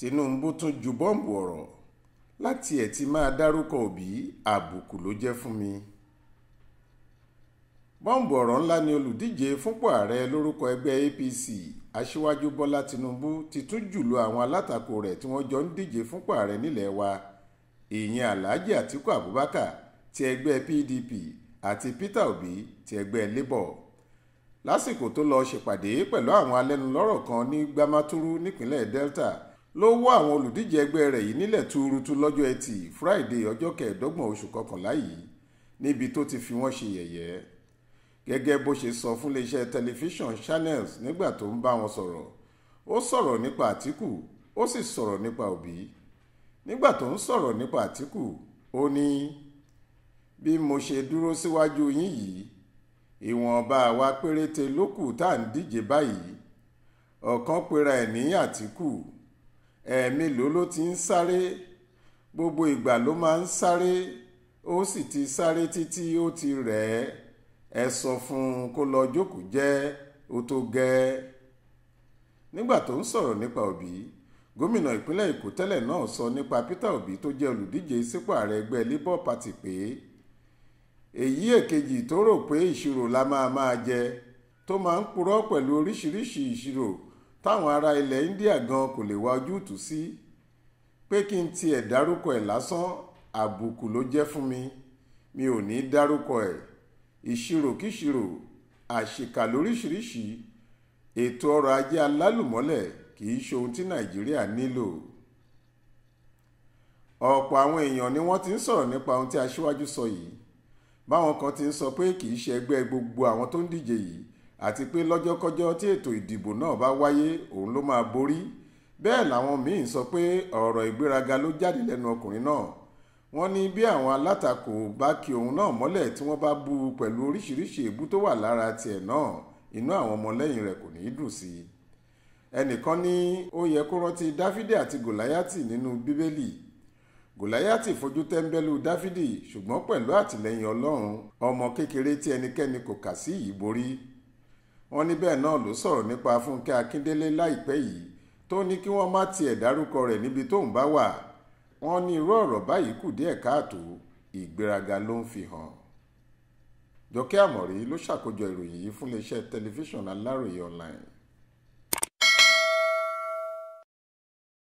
Tinubu tún ju bọ́ǹbù ọ̀rọ̀ láti ẹ̀ ti máa dárúkọ Obi àbùkù ló jẹ́ fún mi bọ́ǹbù ọ̀rọ̀ ńlá ni olùdíje fúnpò ààrẹ lórúkọ ẹgbẹ́ APC aṣíwájú Bọ́lá Tinubu ti tún jùlọ àwọn alátakò rẹ̀ tí wọ́n jọ ń díje fúnpò ààrẹ nílẹ̀ wa ìyẹn Alhaji Atiku Abubakar ti ẹgbẹ́ PDP àti Peter Obi ti ẹgbẹ́ Labour lásìkò tó lọ ṣèpàdé pẹ̀lú àwọn alẹ́nulọ́rọ̀ kan ní Gbamaturu nípínlẹ̀ Delta ló wọ́ àwọn olùdíje ẹgbẹ́ rẹ̀ yìí nílẹ̀ tuurutu lọ́jọ́ ẹtì Friday ọjọ́ kẹẹ̀ẹ́dọ́gbọ̀n oṣù kọkànlá yìí níbi tó ti fi wọ́n ṣe yẹ̀yẹ́ gẹ́gẹ́ bó ṣe sọ fún iléeṣẹ́ tẹlifíṣàn Channels nígbà tó ń bá wọn sọ̀rọ̀ ó sọ̀rọ̀ nípa Àtíkù ó sì sọ̀rọ̀ nípa Òbí nígbà tó ń sọ̀rọ̀ nípa Àtíkù ó ní bí mo ṣe dúró síwájú yín yìí ìwọ̀nba àwa péréte ló tá à ń díje báyìí ọ̀kan pera ẹ̀ ní Àtíkù ẹ̀ẹ̀mélòó ló ti ń sáré gbogbo ìgbà ló máa ń sáré ó sì ti sáré títí ó ti rẹ̀ ẹ́ ẹ sọ fún un kó lọ jókòó jẹ́ ó tó gẹ́ nígbà tó ń sọ̀rọ̀ nípa Obi gómìnà ìpínlẹ̀ Èkó tẹ́lẹ̀ náà sọ nípa Peter Obi tó jẹ́ olùdíje sípò ààrẹ ẹgbẹ́ Labour Party pé èyí èkejì tó rò pé ìṣirò la máa máa jẹ tó máa ń purọ́ pẹ̀lú oríṣiríṣi ìṣirò táwọn ará ilẹ̀ India gan kò lè wá ojútùú sí pé kí n tiẹ̀ dárúkọ ẹ̀ lásán àbùkù ló jẹ́ fún mi mi ò ní dárúkọ ẹ̀ ìṣiròkíṣirò àṣìkà lóríṣiríṣi ètò ọrọ̀ ajé alálùmọ́lẹ̀ kì í ṣe ohun tí Nàìjíríà nílò ọ̀pọ̀ àwọn èèyàn ni wọ́n ti ń sọ̀rọ̀ nípa ohun tí aṣíwájú sọ yìí báwọn kan ti ń sọ pé kì í ṣe ẹgbẹ́ gbogbo àwọn tó ń díje yìí àti pé lọ́jọ́kọ́jọ́ tí ètò ìdìbò náà bá wáyé òun ló máa borí bẹ́ẹ̀ làwọn míín sọ pé ọ̀rọ̀ ìgbéraga ló jáde lẹ́nu ọkùnrin náà wọ́n ní bí àwọn alátakò bá ki òun náà mọ́lẹ̀ tí wọ́n bá bú u pẹ̀lú oríṣiríṣi èébú tó wà lára tiẹ̀ náà inú àwọn ọmọlẹ́yìn rẹ̀ kò ní í dùn sí i ẹnìkan ní ó yẹ kó rántí dáfídì àti gòláyátì nínú bíbélì gòláyátì fojú tẹ́ńbẹ́lú dáfídì ṣùgbọ́n pẹ̀lú àtìlẹ́yìn ọlọ́run ọmọ kékeré tí ẹnikẹ́ni kò kà sí yìí borí wọ́n ní bẹ́ẹ̀ náà ló sọ̀rọ̀ nípa fúnkẹ́ akíndélé láìpẹ́ yìí tó ní kí wọ́n má tiẹ̀ dárúkọ rẹ̀ níbi tóun bá wà wọ́n ní irú ọ̀rọ̀ báyìí kù díẹ̀ káàtó ìgbéraga ló ń fi hàn. jọkẹ́ àmọ̀rí ló ṣàkójọ ìròyìn yìí fún iléeṣẹ́ tẹlifíṣàn aláròye online